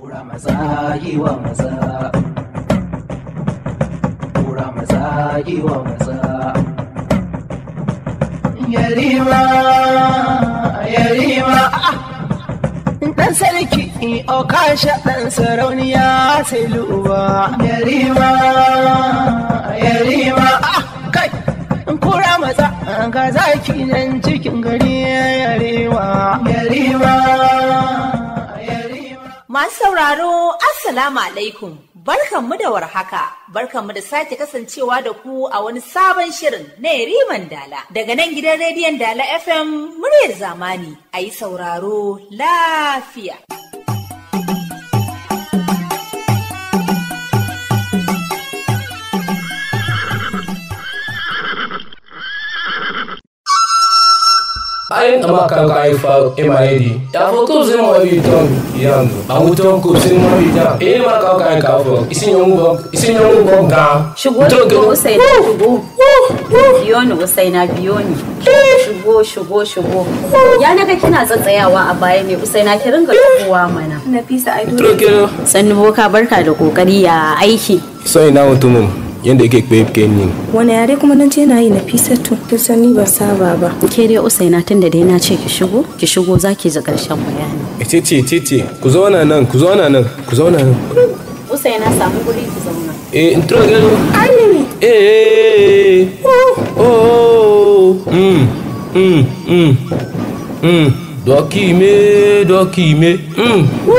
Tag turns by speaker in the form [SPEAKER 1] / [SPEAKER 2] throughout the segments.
[SPEAKER 1] Kura maza yi wa maza.
[SPEAKER 2] Kura maza yi wa maza. Yarima, yarima. dan sarki o kasha dan sarauniya sai lu'uwa yarima yarima kura matsa ga zaki nan cikin gari ya yarima yarima Masu sauraro, Assalamu alaikum, mu da warhaka, barkanmu da sake kasancewa da ku a wani sabon shirin na Riman Dala. Daga nan gidan rediyon Dala FM muryar zamani, a yi sauraro lafiya.
[SPEAKER 3] Karim Tamaka Kaifa Emaedi. Yafoto Zemo ka Yang. ka Kusimo isin yo Kaukai isin yo Isinyongo Ga. Shugo Shugo
[SPEAKER 4] Usaina sai Biyoni Usaina Biyoni. Shugo Shugo Shugo. Ya naga kina tsatsayawa a baya ne Usaina ki ringa tukuwa
[SPEAKER 2] mana. Nafisa ai dole.
[SPEAKER 4] Sannu boka barka da kokari ya aiki.
[SPEAKER 3] Sai na mutumin. yadda yake kwaifke ni
[SPEAKER 2] wani yare kuma don ce na yi na fisatu kin san ni ba saba ba
[SPEAKER 4] ke dai na tun da dai na ce ki shigo ki shigo ki ji karshen bayani
[SPEAKER 3] eh, titi ce ku zauna nan ku zauna nan ku zauna nan
[SPEAKER 4] na samu guri ku zauna eh intro gano
[SPEAKER 3] ai eh, eh, eh oh, oh oh mm mm mm mm dokime dokime mm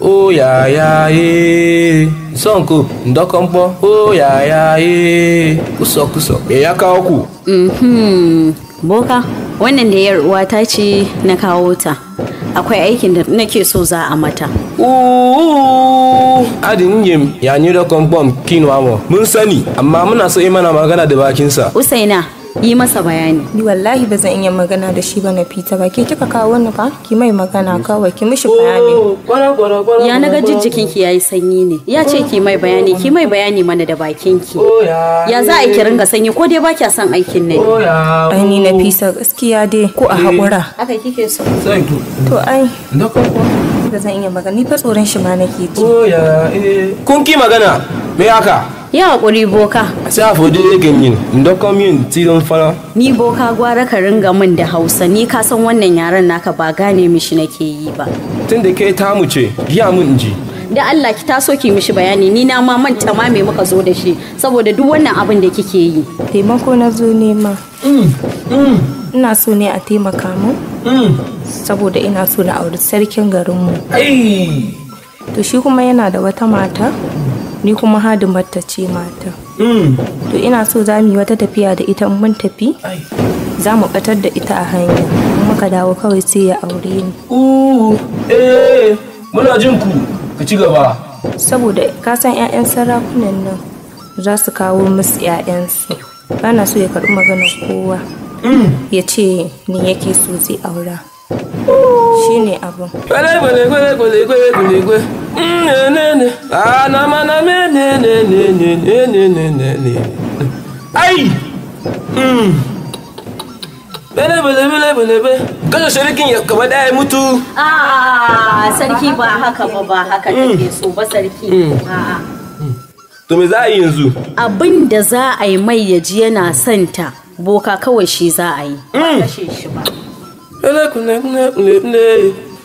[SPEAKER 3] oh ya ya eh sọnko ndọkọmkpọ oyaya eh kusa kusa ya kawo ku
[SPEAKER 4] mhm boka wannan da yar ta ce na kawo ta akwai aikin da nake so za a mata
[SPEAKER 3] adin yim ya ni da kwamfam kinwa mun sani amma muna so mana magana da bakinsa
[SPEAKER 2] usaina yi masa bayani ni wallahi ba zan iya magana da shi ba na fita ba ke kika kawo wani ba ki mai magana kawai ki mishi bayani oh,
[SPEAKER 4] ya na ga jijjikin ki yayi sanyi ne ya ce ki mai bayani ki mai bayani mana da bakin ki oh, ya za a ki ringa sanyi ko dai ba kya son aikin ne oh, ai ni na fisa
[SPEAKER 2] gaskiya dai ko a eh. hakura haka kike so to ai ba zan iya magana ni fa tsoron shi ma nake ji
[SPEAKER 3] eh. kun ki magana me haka
[SPEAKER 2] yawa hakuri boka
[SPEAKER 3] sai a fodi ne kan yin ndokon yin tilon fara
[SPEAKER 2] ni boka gwara ka ringa
[SPEAKER 4] min da hausa ni ka san wannan yaren naka ba gane mishi nake yi ba
[SPEAKER 3] tun da ke ta muce giya mun ji
[SPEAKER 4] da Allah ki taso ki mishi bayani ni na ma manta ma me muka zo da shi
[SPEAKER 2] saboda duk wannan abin da kike yi taimako na zo nema mm, mm. ina so ne a taimaka mu mm. saboda ina so na auri sarkin garinmu to shi kuma yana da wata mata ni kuma hadin ta ce mata mm. to ina so za mu yi wata tafiya da ita mun tafi za mu batar da ita a hanya muka dawo kawai sai ya aure ni eh,
[SPEAKER 3] muna jin ku ka ci gaba
[SPEAKER 2] saboda ka san 'ya'yan sarakunan nan za su kawo musu 'ya'yansu bana so ya karɓi maganar kowa mm. ya ce ni yake so zai aura shine mm,
[SPEAKER 3] ne ne ne ah, ne ne ne ne ne ne ne ne ne ai bele mm. bele bele bele be kashe sarkin ya kaba da mutu
[SPEAKER 4] a ah, sarki ba haka ba ba haka mm. take so ba sarki ah.
[SPEAKER 3] To me za a yi yanzu?
[SPEAKER 4] Abin da za a yi mai ya ji yana santa, boka kawai shi za a yi. Ba shi ba.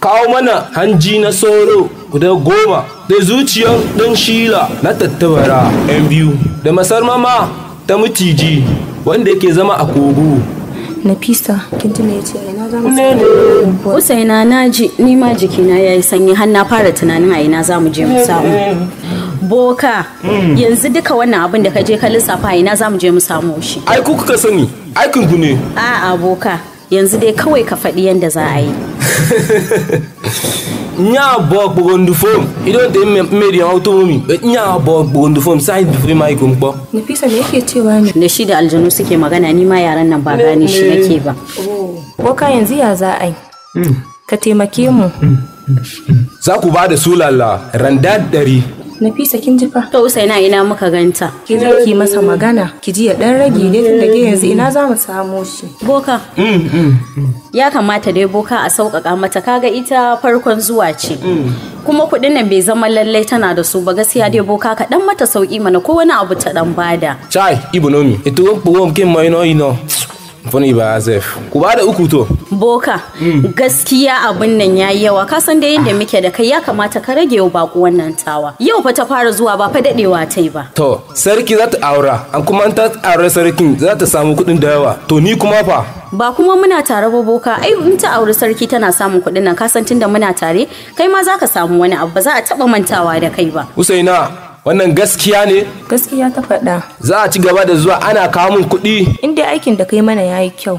[SPEAKER 3] kawo mana hanji na soro guda goma da zuciyar ɗan shila na tattabara yan biyu da masarmama ta mutiji wanda yake zama a kogo
[SPEAKER 2] Nafisa
[SPEAKER 4] kin tuna ce ina za mu samu Usaina na ji ni ma jikina yi sanyi har na fara tunanin a ina za mu je mu samu Boka hmm. yanzu duka wannan abin da ka je ka lissafa ina za mu je mu samu shi
[SPEAKER 3] Ai kuka sani aikin ku ne
[SPEAKER 4] A'a boka yanzu dai kawai ka faɗi yadda za a yi
[SPEAKER 3] nya bo kpogondu fom ido te mmeri automomi nya bo kpogondu fom sai du fi mai kun kpo
[SPEAKER 4] nafisa me yake cewa ne da shi da aljanu suke magana ni ma yaran nan ba gane shi ke ba ko oh. ka yanzu ya za a yi hmm. ka taimake mu
[SPEAKER 3] hmm, hmm, za ku ba da sulala randa ɗari
[SPEAKER 4] Nafisa kin ji fa? To Usaina ina muka ganta. Ki zo ki masa magana, ki ji ya dan rage ne tun da yanzu ina za mu samu shi. Boka.
[SPEAKER 3] Mm, mm, mm.
[SPEAKER 4] Ya kamata dai boka a sauƙaƙa mata kaga ita farkon zuwa ce. kuma kuɗin nan bai zama lallai tana da su ba gaskiya dai boka ka dan mata sauki mana ko wani abu ta dan bada.
[SPEAKER 3] Chai, Ibonomi, ito wo po won kin mai no ino. Funi ba Azef. Ku ba da uku to. Boka. Mm.
[SPEAKER 4] Gaskiya abin nan ya yi yawa. kasan san dai yadda muke da kai ya kamata ka rage yau baku wannan tawa. Yau fa ta fara zuwa ba fa dadewa ta yi ba.
[SPEAKER 3] To, sarki za ta aura. An kuma an ta aure sarkin za ta samu kuɗin da yawa. To ni kuma fa.
[SPEAKER 4] Ba kuma muna tare ba boka. Ai in ta aure sarki tana samun kuɗin nan ka san tunda muna tare kai ma za ka samu wani abu ba za a taba mantawa da kai ba.
[SPEAKER 3] Usaina, wannan gaskiya ne gaskiya ta faɗa za a ci gaba da zuwa ana kawo min kuɗi
[SPEAKER 2] in dai aikin da kai mana yayi kyau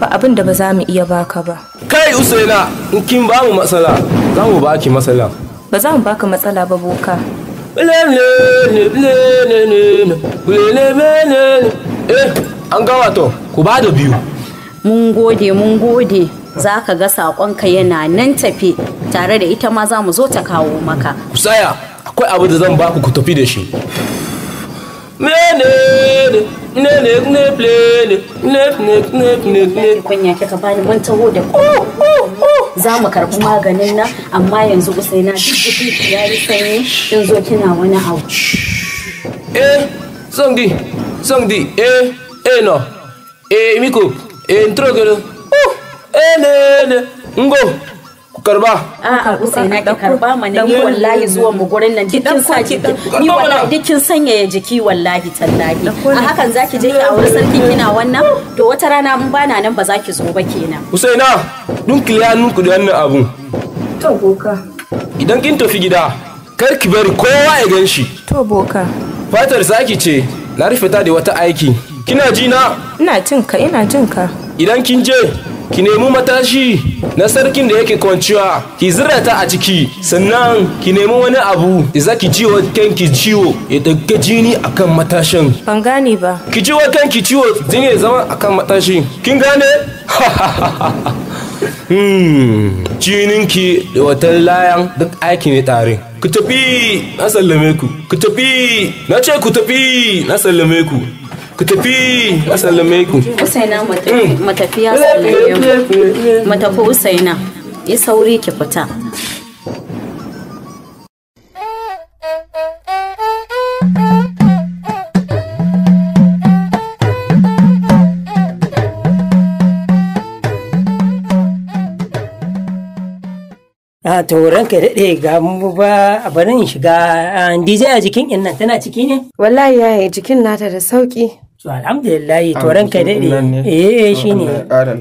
[SPEAKER 2] ba abin da ba za mu iya baka ba
[SPEAKER 3] kai usaina in kin ba mu matsala za mu ba ki matsala
[SPEAKER 2] ba za mu baka matsala ba boka
[SPEAKER 3] eh an gawa to ku ba da biyu
[SPEAKER 2] mun gode
[SPEAKER 4] mun gode za ka ga saƙonka yana nan tafe tare da ita ma za mu zo ta
[SPEAKER 3] kawo maka ku tsaya akwai abu da zan ba ku tafi da shi menene ne ne ne plele bani
[SPEAKER 4] da za mu karɓi maganin nan amma yanzu usaina duk ya yi sanyi kin zo kina wani abu
[SPEAKER 3] eh sangdi di eh eh no eh miko eh intro gero uh, eh ne ne ngo karba
[SPEAKER 4] a'a usaina ki karba mana ni wallahi zuwa mu gurin nan dukkin sa ni wallahi sanya sanyaya jiki wallahi tallahi a hakan zaki je ki aure sarkin kina wannan to wata rana in bana nan ba zaki zo ba
[SPEAKER 2] kenan
[SPEAKER 3] usaina dun kiliya nun ku da wannan abun to boka idan kin tafi gida kar ki bari kowa ya gan shi
[SPEAKER 2] to boka
[SPEAKER 3] fatar zaki ce na rufe ta da wata aiki kina ji na
[SPEAKER 2] ina jinka ina jin ka
[SPEAKER 3] idan kin je ki nemi matashi na sarkin da yake kwanciya ki zirata ta a ciki sannan ki nemi wani abu da za ki ciwo kanki ciwo ya daga jini akan matashin
[SPEAKER 2] ban gane ba
[SPEAKER 3] ki ciwo kanki ciwo jini ya zama akan matashin kin gane hmm. jininki da watan layan duk aiki ne tare. Ku tafi, na sallame ku. Ku tafi, na ce ku tafi, na sallame ku. ku tafi asallame ku
[SPEAKER 4] usaina matafi hmm. ya sallame ku matafi usaina yi sauri ki fita a
[SPEAKER 2] ah, tauran ka daɗe ga mu ba a barin shiga ah, dj a jikin inna tana ciki ne wallahi yaya jikin
[SPEAKER 1] nata da sauki to alhamdulillah to ka daɗe
[SPEAKER 5] eh, eh shi ne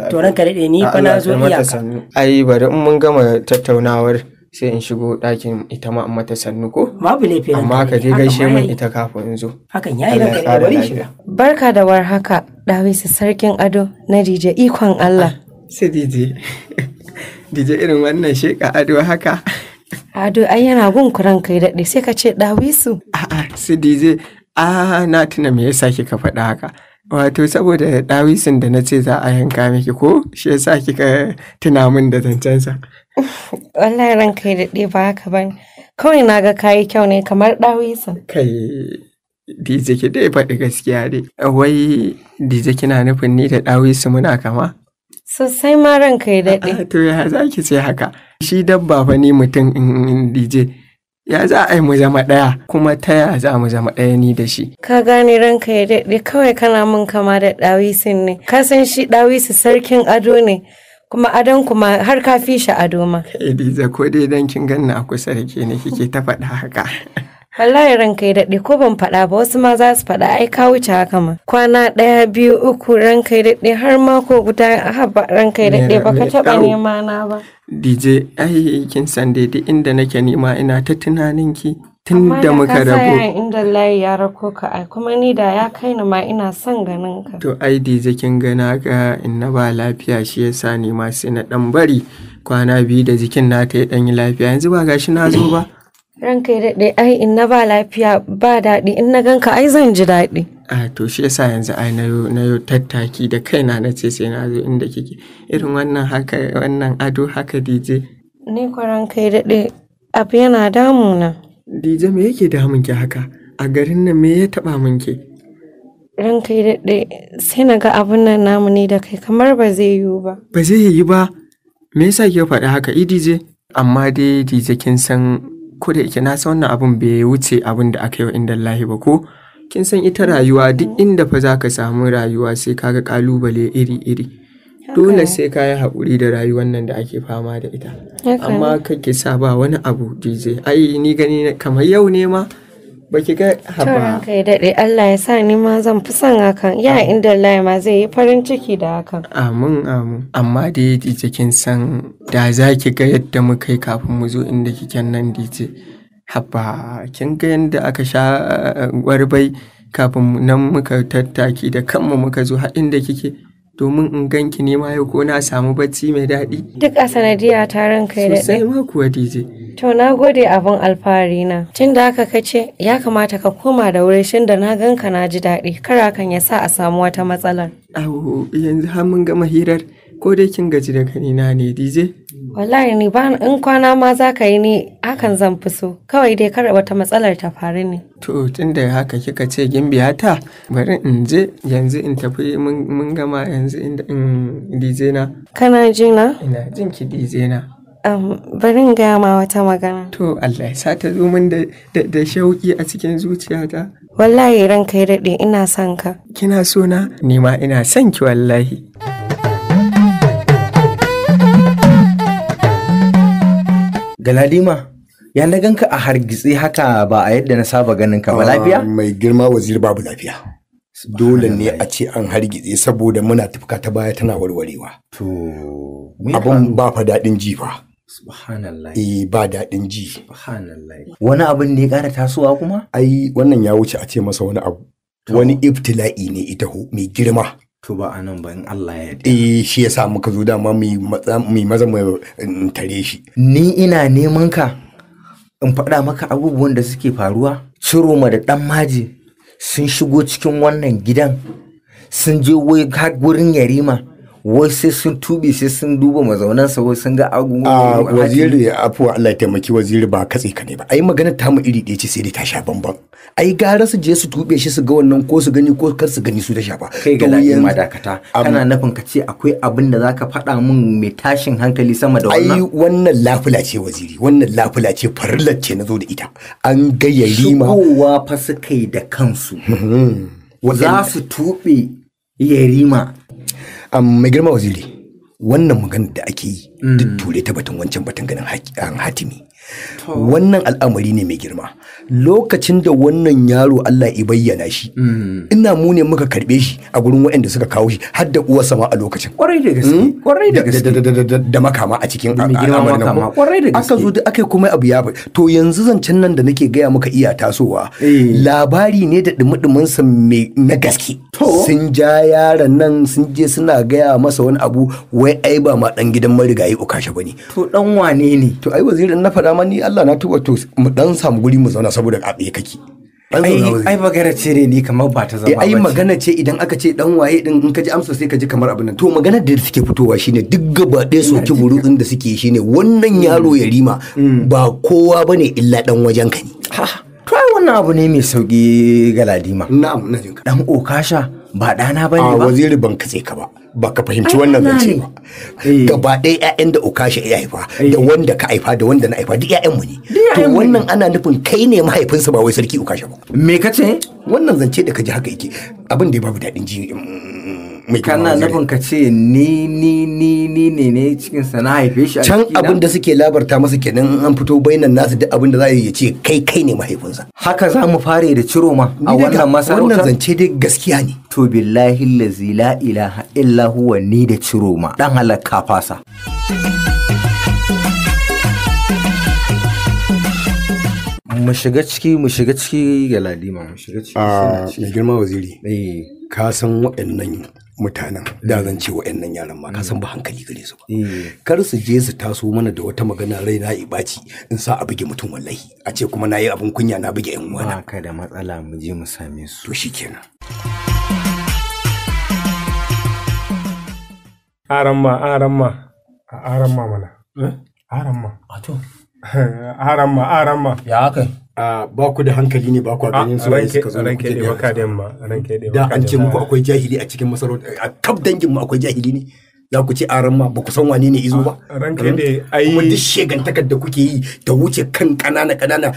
[SPEAKER 5] to ka daɗe ni fa na zo iyaka ai bari in mun gama tattaunawar sai in shigo ɗakin ita ma mata sannu ko babu laifi amma ka je gaishe min ita kafin in zo hakan yi ranka daɗe bari shiga
[SPEAKER 1] barka da warhaka dawisu sarkin ado na DJ ikon Allah ah,
[SPEAKER 5] sai DJ DJ irin wannan sheka ado haka
[SPEAKER 1] ado ai yana gun kuran kai daɗe sai ka ce dawisu
[SPEAKER 5] a'a sai DJ a ah, na tuna me yasa kika faɗa haka wato saboda ɗawisin da na ce za a yanka miki ko shi yasa kika tuna min da sa
[SPEAKER 1] wallahi ran kai da ɗe ba haka ba kawai na ga kayi kyau ne kamar ɗawisin
[SPEAKER 5] kai dije ki dai faɗi gaskiya dai wai dije kina nufin ni da ɗawisu muna kama
[SPEAKER 1] sosai ma ran kai daɗe to ya za ki ce
[SPEAKER 5] haka shi dabba fa ni mutum in dije ya za a yi mu zama ɗaya kuma ta ya za mu zama ɗaya ni da shi.
[SPEAKER 1] Ka gane ranka ya daɗe kawai kana mun kama da ɗawisin ne, ka san shi ɗawisi sarkin ado ne. kuma adon kuma har ka fi shi ado ma.
[SPEAKER 5] Ediza ko dai don kin ganna a kusa da ke ne kike ta faɗa haka.
[SPEAKER 1] Wallahi ranka ya daɗe ko ban faɗa ba wasu ma za su faɗa ai ka wuce haka ma. Kwana ɗaya biyu uku ranka ya daɗe har mako guda haba ranka ya daɗe ba ka taɓa nema na ba.
[SPEAKER 5] DJ ai kin san daidai, inda nake nima ina ta tunanin ki tun da muka rabu. Amma da ka
[SPEAKER 1] inda layi ya rako ka ai kuma ni da ya kai ni ma ina son ganin ka.
[SPEAKER 5] To ai DJ kin gana ga in ba lafiya shi yasa ni ma sai na dan bari kwana biyu da jikin na ta yi dan yi lafiya yanzu ba gashi na zo ba.
[SPEAKER 1] Ranka ya daɗe ai in ba lafiya ba daɗi in na ganka ai zan ji daɗi.
[SPEAKER 5] a to shi yasa yanzu ai na yau tattaki da kaina na ce sai na zo inda kike irin wannan haka wannan ado haka dj ni kwaran kai daɗe abu yana damuna dj me yake damun ki haka a garin nan me ya taɓa min ke
[SPEAKER 1] ran kai daɗe sai na ga abun nan namu ne da kai kamar ba zai yiwu ba
[SPEAKER 5] ba zai yiwu ba me yasa ki faɗi haka i dj amma dai dj kin san ko da yake na san wannan abun bai wuce abun da aka yi wa inda lahi ba ko kin san ita rayuwa duk inda fa za ka samu rayuwa sai ka ga kalubale iri-iri dole sai ka yi haƙuri da rayuwar nan da ake fama da ita amma kake sa ba wani abu dj ai ni gani kamar yau ne ma baki ga haba
[SPEAKER 1] kai daɗe Allah ya sa ni ma zan fi son hakan ya inda Allah ma zai yi farin ciki da hakan
[SPEAKER 5] amin amin amma da ya kin san da za ki ga yadda mu kai kafin mu zo inda kiken nan dj Haba, kin ga yadda aka sha eh, gwarbai kafin nan muka tattaki da kanmu muka zo har da kike domin in ganki ne ma ko na samu bacci mai daɗi.
[SPEAKER 1] Duk a sanadiyya ran kai da Sosai ma kuwa DJ. To na gode abin alfahari na. Tun da aka kace, ya kamata ka koma da wuri shin da na ganka na ji daɗi kar hakan ya sa a samu wata matsalar.
[SPEAKER 5] yanzu har mun gama hirar ko dai kin gaji da kanina ne DJ.
[SPEAKER 1] wallahi ni ba in kwana ma za ka yi ni hakan zan fi so kawai dai kar wata matsalar ta faru ne
[SPEAKER 5] to tunda haka kika ce gimbiya ta bari in je yanzu in tafi mun gama yanzu in dj na
[SPEAKER 1] kana jina ina jin ki dj na bari in gaya ma wata magana
[SPEAKER 5] to Allah ya sa ta zo min da shauki a cikin zuciyata
[SPEAKER 1] wallahi ranka ya daɗe ina son ka kina so na
[SPEAKER 5] ni ma ina son ki wallahi galadima
[SPEAKER 6] ya na ganka a hargitse haka ba a yadda na saba ganin ka ba ah, lafiya mai girma wazir babu lafiya dole ne a ce an hargitse saboda muna tafka ta baya tana warwarewa to abin ba fa daɗin ji ba subhanallah eh ba daɗin ji subhanallah wani abin ne ƙara tasowa kuma ai wannan ya wuce a ce masa wani abu wani ibtila'i ne ita mai girma to ba a nan ba in Allah ya yarda eh shi yasa muka zo dama mai maza mai tare shi ni ina neman ka in faɗa maka abubuwan da suke faruwa ciroma da ɗan maji sun shigo cikin wannan gidan sun je wai wurin yarima wai sai sun tubi sai sun duba mazaunansa wai sun ga agun a ah, waziri afuwa Allah ya taimaki waziri ba katse ka ne ba ai magana ta mu iri ɗaya ce sai dai ta sha bamban ai gara su je su tube shi su ga wannan ko su gani ko kar su gani su ta sha ba kai ga lafiya ma dakata kana nufin ka ce akwai abin da zaka faɗa min mai tashin hankali sama da wannan ai wannan lafula ce waziri wannan lafula ce farillar ce nazo da ita an ga yarima shigowa fa suka da kansu mhm. za su tube yarima mai girma waziri wannan magana da ake yi mm. duk ture ta batun wancan batun ganin hatimi wannan al'amari ne mai girma lokacin da wannan yaro Allah ya bayyana shi mm. ina mu ne muka karbe shi a gurin waɗanda suka kawo shi har da uwarsa ma a lokacin kwarai da gaske kwarai mm? da gaske da makama a cikin al'amarin nan kwarai da gaske aka zo da aka kuma abu ya to yanzu zancen nan da nake gaya muka iya tasowa eh. labari ne da dumudumin sa mai na gaske sun ja yaran nan sun je suna gaya masa wani abu wai ai ba ma dan gidan marigayi ukasha bane to dan wane ne to ai wazirin na faɗa dama ni Allah na tuba to mu dan samu guri mu zauna saboda a tsaye kake ai magana ce ne ni kamar ba ta zama eh, ai magana ce idan aka ce dan waye din in ka ji amsa sai ka ji kamar abin nan to magana da suke fitowa shine duk gaba ɗaya soki din da suke shine wannan mm. yaro ya rima mm. ba kowa bane illa dan wajen ka ne to ai wannan abu ne mai sauki ga ladima na'am na jinka dan okasha ba dana bane ba waziri ban katse ka ba baka fahimci wannan zance ba eh. gaba ɗaya ƴaƴan da okashi ya haifa eh. da wanda ka haifa da wanda na haifa duk ƴaƴan mu ne to wannan ana nufin kai ne mahaifinsa ba wai sarki okashi ba me kace wannan zance da ka ji haka yake abin da ya babu daɗin ji mm, mai kana nufin ka ce ni ni ni ni ne ne cikin sa na haife
[SPEAKER 5] shi can abin da
[SPEAKER 6] suke labarta masa kenan an fito bainan nasu duk abin da za ya ce kai kai ne mahaifinsa haka za mu fare da ciro ma a wannan masarauta wannan zance dai gaskiya ne to billahi lazi la ilaha illa huwa ni da ciro ma dan halakka fasa mu shiga ciki mu shiga ciki ga lalima mu shiga ciki ah, a girma waziri eh. ka san waɗannan mutanen da zan ce wa'annan yaran ma kasan san ba hankali gare su ba eh. kar su je su taso mana da wata magana rai na ibaci in sa a buge mutum wallahi a ce kuma na yi abin kunya na buge yan uwana ka da matsala mu je mu same su to shikenan aramma aramma aramma mana eh? aramma a to aramma aramma ya kai ba ku da hankali ne ba ku ganin su ne suka zo ranke da waka da yamma da da an ce muku akwai jahili a cikin masarauta a kaf dangin mu akwai jahili ne za ku ci aran ma ba ku san wane ne izo ba ranke da ai kuma duk shegantakar da kuke yi ta wuce kan kanana kanana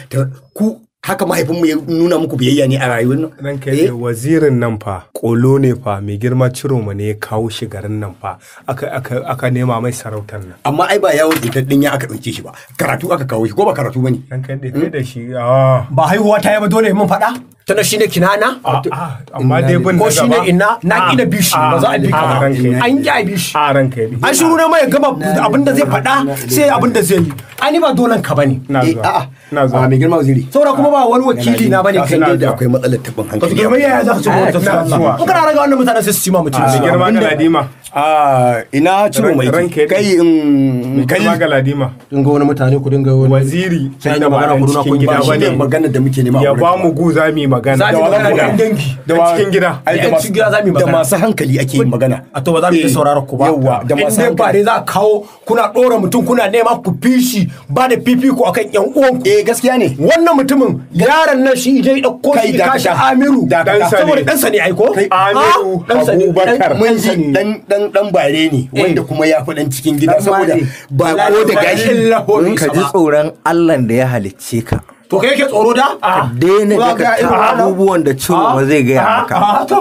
[SPEAKER 6] ku haka mahaifinmu ya nuna muku biyayya ne a rayuwar nan. kai ne eh? wazirin nan fa, kolo ne fa, mai girma mu ne ya kawo shi garin nan fa, aka nema mai sarautar nan. Amma ai ba yawon ɗin ya aka ɗauke shi ba, karatu aka kawo shi ko ba karatu bane. Ranka yi hmm? da shi, ah. Ba haihuwa ta yi ba dole mun faɗa? Tana shi ne kinana? Ah, ah, amma dai bin Ko shi ne ina, na ƙi bishi, ba za a bi ka ba. An ƙi a bishi. A ranka yi. An shi na mai gama abin da zai faɗa sai abin da zai yi. ani ba dolan ka bane eh, a'a ba ah, mai girma waziri saboda kuma ba wani wakili na bane kan da akwai matsalar tabin hankali kuma girma yaya za ka ci gaba da tsara Allah in kana raga wannan mutanen sai su ci ma mutum mai girma kana dima a ina ciro um, mai kai in kai galadima in ga wani mutane ku dinga wani waziri sai da magana ku nuna ku gida bane magana da muke nema ya ba mu gu za mu magana da wani dangi da cikin gida ai da cikin gida za mu magana da masu hankali ake yin magana a to ba za mu yi eh, sauraro ku ba yawa da masu hankali dai za kawo kuna dora mutum kuna nema ku fishi ba da ku akan yan uwan ku eh gaskiya ne wannan mutumin yaran nan shi je dauko shi kashi Amiru dan sani saboda dan sani ai ko Amiru ah, Abubakar mun ji dan dan dan bare ne eh. wanda kuma ya fi dan cikin gida saboda ba ko da gashin lahori hmm. ka ji tsoron Allah da ya halicce ka to kai yake tsoro da ka ah. daina daga ta abubuwan da ciro ba zai gaya ah. maka ah,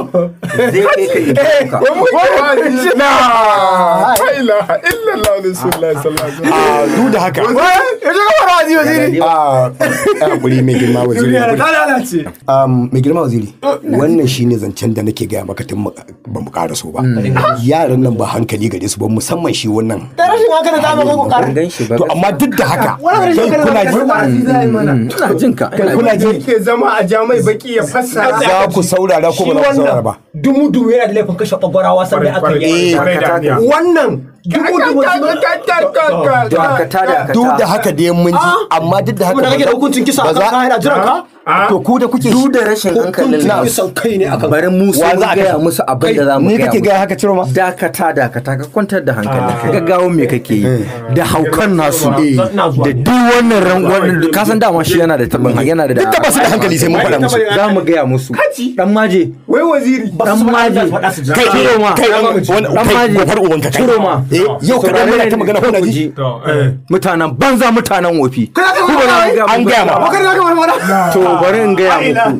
[SPEAKER 6] zai kai ka eh, yi ka du da haka hakuri mai girma waziri um, mai girma waziri oh, wannan shine zancen da nake gaya maka tun ba mu karaso so ba hmm. yaran nan ba hankali gare su ba musamman shi wannan
[SPEAKER 5] da rashin haka da dama ko ƙara
[SPEAKER 6] to amma duk da haka kuna ji ina jin ka ina kuna ji ke zama a jamai baki ya fassara za ku saurara ko ba za ku saurara ba dumu dumu yana da laifin kashe kwagwarawa sanda aka yi wannan
[SPEAKER 3] duk da haka dai mun ji ah!
[SPEAKER 6] amma duk da haka ba za ka hukuncin kisa akan ka jiran ka to ku da kuke duk da rashin hankalin na son kai ne aka bari mu sai mu ga musu abin da zamu ga ne kake ga haka ciro ma dakata dakata ka kwantar da hankali ah. ka ga gawo me kake yi eh. da haukan nasu eh. da duk wannan rangon ka san dama shi yana da tabin yana da duk ba su da ah. hankali sai mun faɗa musu zamu ga ya musu dan maje wai waziri dan maje kai ah. ciro ma kai dan maje gofar uban ka ciro ma eh, yau ka dan muna ta magana ko na ji mutanen banza mutanen wofi ku ba za an ga ma to bari in gaya muku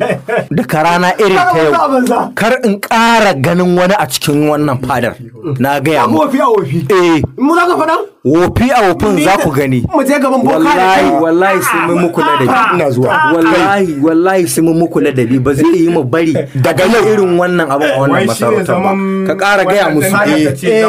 [SPEAKER 6] daga rana irin ta yau kar in ƙara ganin wani a cikin wannan fadar na gaya muku wofi a wofi eh mu za ka faɗa wofi a wofin za ku gani mu je gaban boka wallahi wallahi sai mun muku ladabi ah, ina zuwa ah, ah. wallahi wallahi sai mun muku ladabi ba zai yi mu bari daga yau irin wannan abin a wannan masarautar ba ka ƙara gaya musu eh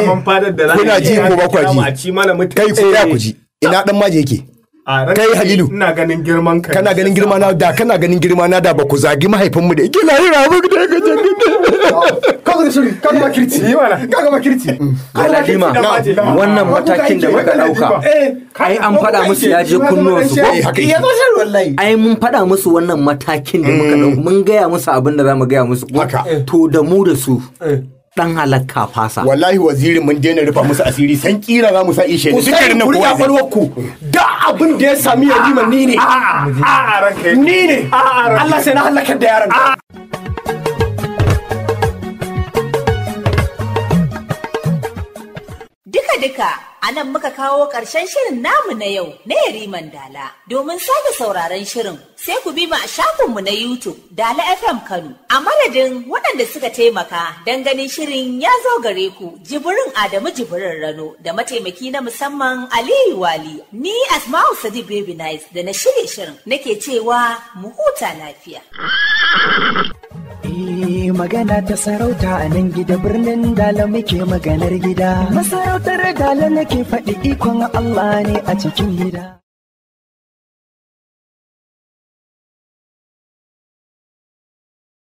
[SPEAKER 6] kuna ji ko ba ku ji kai ku ya ku ji ina dan maje yake kai halilu ina ganin girman kai kana ganin girma na da kana ganin girma na da ba ku zagi mahaifinmu da yake lahira ba da ka jangi ka zo shiri ka ga kirci yi mana ka ga makirci kana kima wannan matakin da muka dauka eh, ai an faɗa musu ya je kunnuwan su eh, ya zo shiri wallahi ai mun faɗa musu wannan matakin da muka dauka mm. mun gaya musu abin da zamu gaya musu to da mu da su eh. dan halakka fasa wallahi wazirin mun daina rufa musu asiri san kira za mu sa ishe ne suke rinna kowa ne ku da abin da ya sami yarima ni ne a a ranka ni ne Allah sai na halakar da yaran
[SPEAKER 2] duka-duka a nan muka kawo ƙarshen shirin namu na yau na Yariman Dala. Domin sake sauraron shirin sai ku bi mu a shafinmu na YouTube Dala FM Kano. A madadin waɗanda suka taimaka don ganin shirin ya zo gare ku jibirin Adamu jibirin Rano da mataimaki na musamman Aliyu Wali. Ni Asma'u Sadi Baby Nice da na shirye shirin nake cewa mu huta lafiya.
[SPEAKER 6] magana ta sarauta a nan gida birnin dala muke maganar gida masarautar dala nake faɗi ikon Allah ne a cikin gida